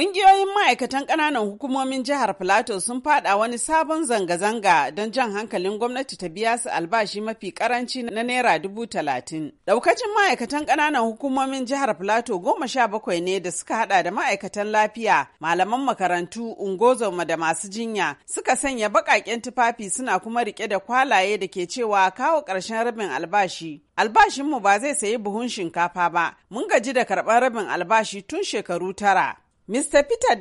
Ƙungiyoyin ma'aikatan ƙananan hukumomin jihar Filato sun fada wani sabon zanga-zanga don jan hankalin gwamnati ta biya su albashi mafi karanci na Naira dubu talatin. daukacin ma'aikatan ƙananan hukumomin jihar Filato goma sha bakwai ne da suka hada da ma'aikatan lafiya, malaman makarantu, ungozoma da masu jinya suka sanya baƙaƙen tufafi suna kuma riƙe da kwalaye da ke cewa kawo ƙarshen rabin albashi. Albashinmu ba zai sayi buhun shinkafa ba, mun gaji da karɓar rabin albashi tun shekaru tara. Mr. Peter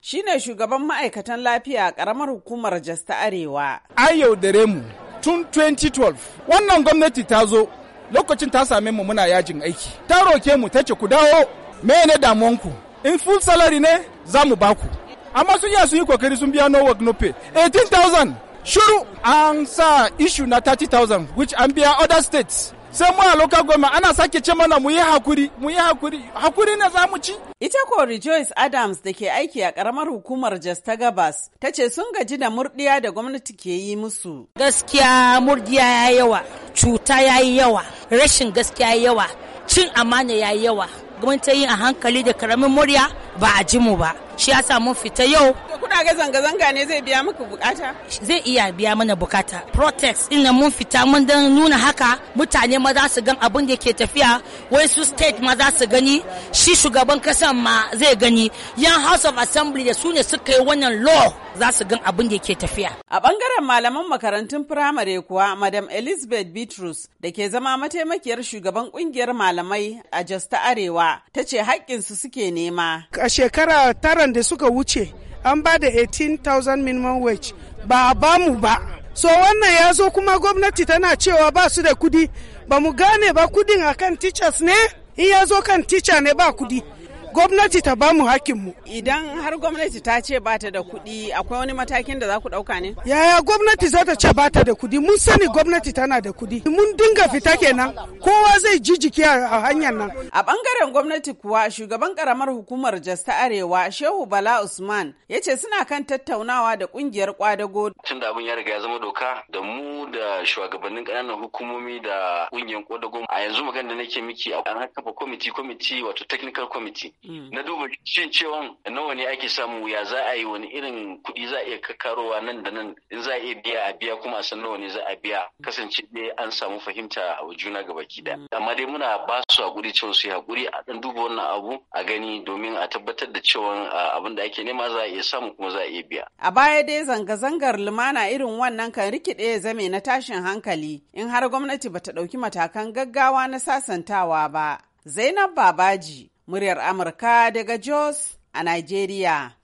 shi shine shugaban ma'aikatan lafiya a ƙaramar hukumar Jasta Arewa. An yaudare mu tun 2012. Wannan gwamnati ta zo lokacin ta same mu muna yajin aiki. Ta roke mu ta ce ku dawo mene damuwanku. In full salary ne za mu baku. Amma sun yi sun yi kokari sun biya no work no pay. 18,000 shuru an sa ishu na 30,000 which an biya other states. sai mu a local government ana sake ce mana mu yi hakuri mu yi hakuri hakuri ne za mu ci ita ko Rejoice Adams da ke aiki a karamar hukumar Jos ta Gabas ta ce sun gaji da murdiya da gwamnati ke yi musu gaskiya murdiya ya yawa cuta ya yi yawa rashin gaskiya ya yawa cin amana ya yi yawa gwamnati yin a hankali da karamin murya ba a ji mu ba shi ya mun fita yau ga zanga-zanga ne zai biya muku bukata? Zai iya biya mana bukata. Protest din mun fita mun dan nuna haka mutane ma za su gan abin da ke tafiya wai su state ma za su gani shi shugaban kasan ma zai gani yan House of Assembly da su ne suka yi wannan law za su gan abin da ke tafiya. A bangaren malaman makarantun firamare kuwa Madam Elizabeth Bitrus da ke zama mataimakiyar shugaban kungiyar malamai a Jos ta Arewa ta ce haƙƙinsu suke nema. A shekara taran da suka wuce an ba da 18,000 minimum wage ba a ba mu ba so wannan ya zo kuma gwamnati tana cewa ba su da kudi ba mu gane ba kudin akan teachers ne in ya zo kan teacher ne ba kudi gwamnati ta bamu mu. Idan har gwamnati ta ce ba ta da kuɗi akwai wani matakin da za ku ɗauka ne? Yaya gwamnati za ta ce ba ta da kuɗi mun sani gwamnati tana da kuɗi mun dinga fita kenan kowa zai ji jiki a hanyar nan. A bangaren gwamnati kuwa shugaban karamar hukumar Jos ta Arewa Shehu Bala Usman ya ce suna kan tattaunawa da kungiyar kwadago. Tun da abin ya riga ya zama doka da mu da shugabannin ƙananan hukumomi da kungiyar kwadago a yanzu magana da nake miki an haka kwamiti kwamiti wato technical committee Mm. na duba shin cewa nawa ne ake samu ya za a yi wani irin kuɗi za a iya kakarowa nan da nan in za a iya biya a biya kuma a san nawa ne za a biya kasance ne an samu fahimta a juna gaba da mm. amma dai muna ba su hakuri cewa su yi hakuri a dan duba wannan abu a gani domin a tabbatar da cewa abin da ake nema za a iya samu kuma za a iya biya a baya dai zanga-zangar lumana irin wannan kan rikide ya zame na tashin hankali in har gwamnati bata ɗauki matakan gaggawa na sasantawa ba Zainab Babaji muryar Amurka daga Jos a Nigeria.